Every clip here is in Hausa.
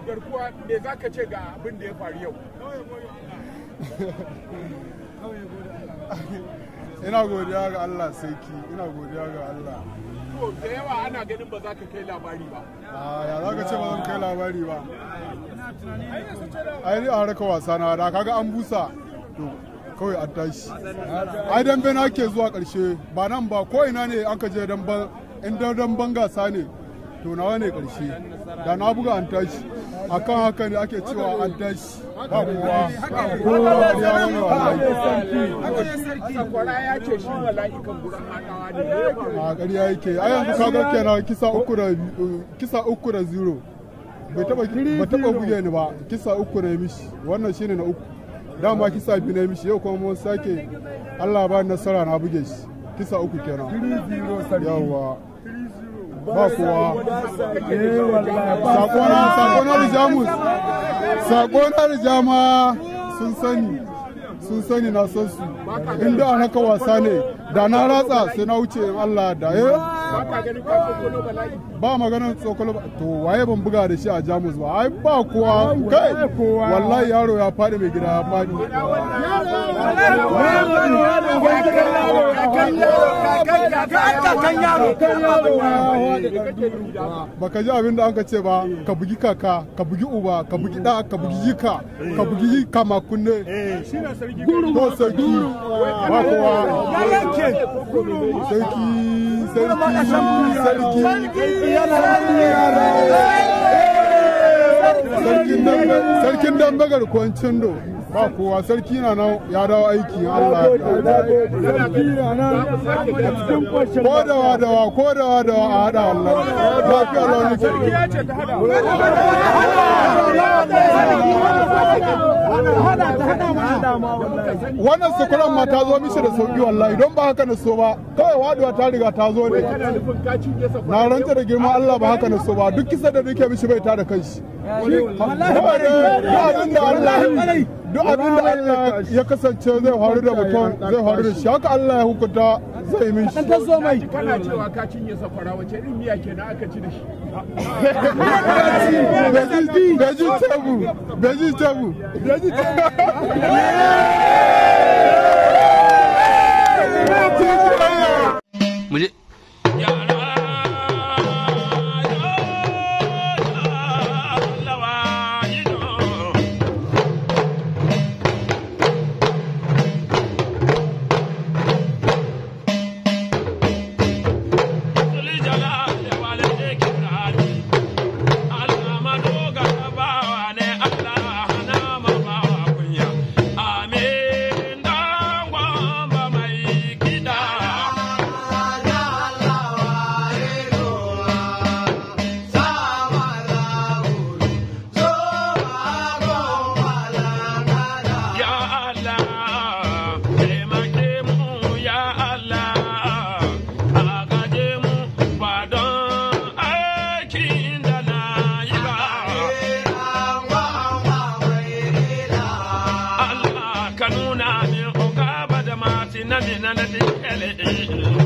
garkuwa me za ka ce ga abin da ya faru yau ina godiya ga Allah sarki ina godiya ga Allah to da yawa ana ganin ba za ka kai labari ba a ah, ya za ka ce ba zan kai labari ba ai ni a harka wasa na da kaga an busa to kawai an tashi ai dambe na ke zuwa karshe ba nan ba ko ina ne aka je dambe in gasa ne to nawa ne karshe da na buga an tashi a kan haka ne ake cewa an dashi ba kowa kowa ya wani wa a ƙarya yake a yanzu kaga kenan kisa uku da zero bai taba buge ni ba kisa uku na mishi wannan shine na uku dama kisa biyu na mishi yau kuma mun sake Allah ba nasara na buge kisa uku kenan yawwa ba kowa eh, sako na rijamus sako na sun sani sun sani na san su inda an wasa ne da na ratsa sai na wuce allah da ya eh. ba maganin tsokolo ba to waye ban buga da shi a jamus ba ai ba kowa kai wallahi yaro ya fadi mai gida ya faɗi ba ka ji abin da an ka ce ba ka bugi kaka ka bugi uba ka bugi da ka bugi yika ka bugi yika makunne to sarki ba kowa sarki sarkin dambe garkuwan cindo ba kowa sarki na nan ya dawo aiki Allah ko da wadawa ko da wadawa a hada Allah lafiya launin sarki wannan sukuran ma ta zo mishi da sauki wallahi don ba haka na so ba kawai waduwa ta riga ta zo ne na ranta da girma Allah ba haka na so ba duk kisa da duke mishi bai ta da kai duk abin da Allah duk abin da Allah ya kasance zai faru da mutum zai faru da shi haka Allah ya hukunta zai min shi ta zo mai kana cewa ka cinye safara wace irin miya kenan aka ci da shi vegetable vegetable vegetable É. É. Let Hallelujah.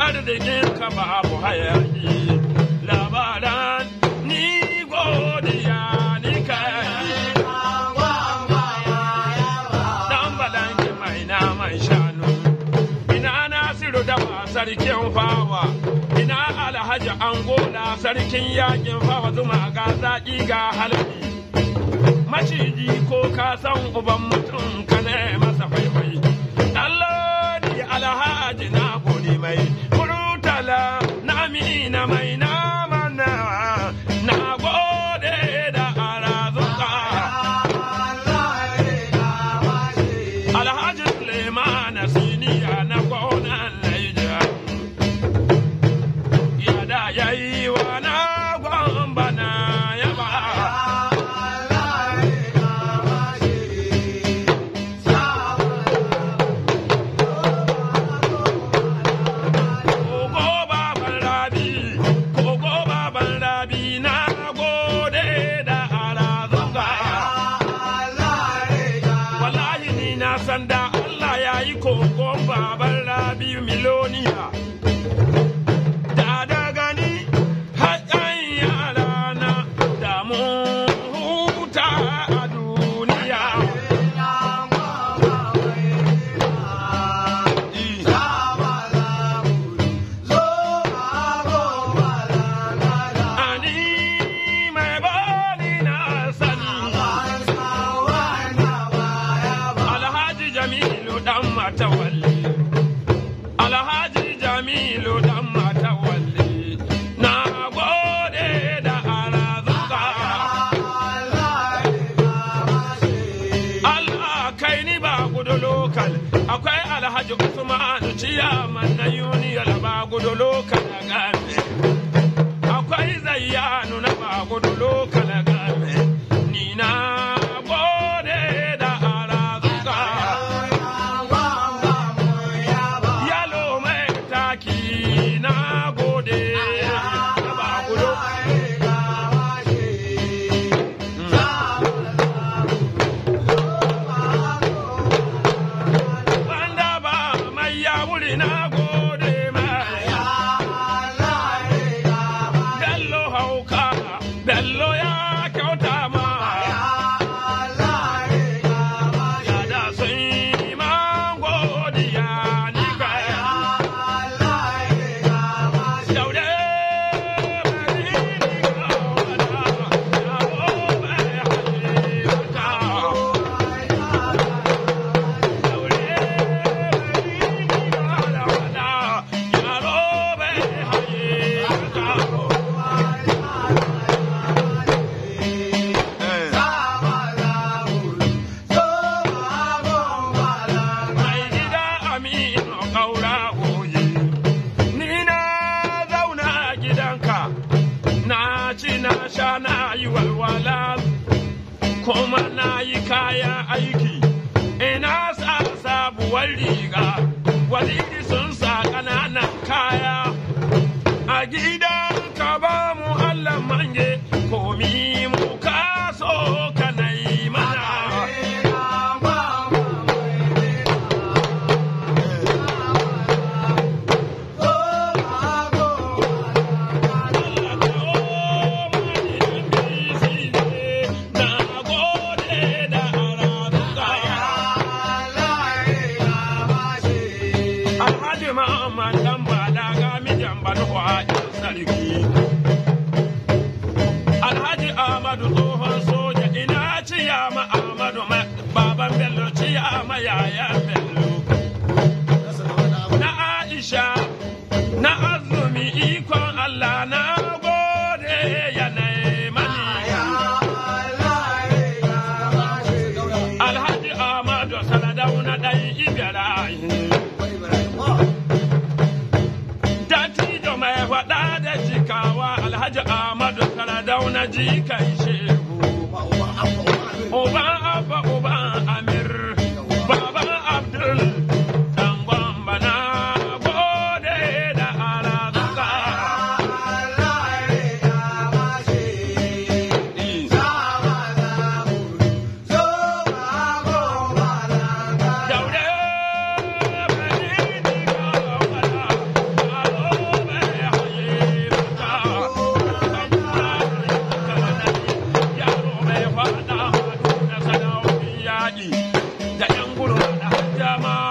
arzikin kama babu hayaki labaran ni godiya ni kai dan balanki mai naman shanu ina nasiru da sarkin fawa ina alhaji angola sarkin yakin fawa zuma ga zaki ga halbi maciji ko ka san uban mutum ka ne masa faifai みなまいな Melonia. akwai alhaji usman ciyaman na yuniyar ba gudu lokacin kuma na yi kayan aiki ina sa sabuwar riga walidi sun sa ƙananan kaya a gida Ahmadu tsohon soja ina ciya ma Ahmadu baban Bello ciya ma yaya Bello. Na Aisha na azumi ikon Allah na gode yanayi mani. Alhaji Ahmadu Saladauna ɗan Ibrahim. 离开始。daɗi da 'yan gurur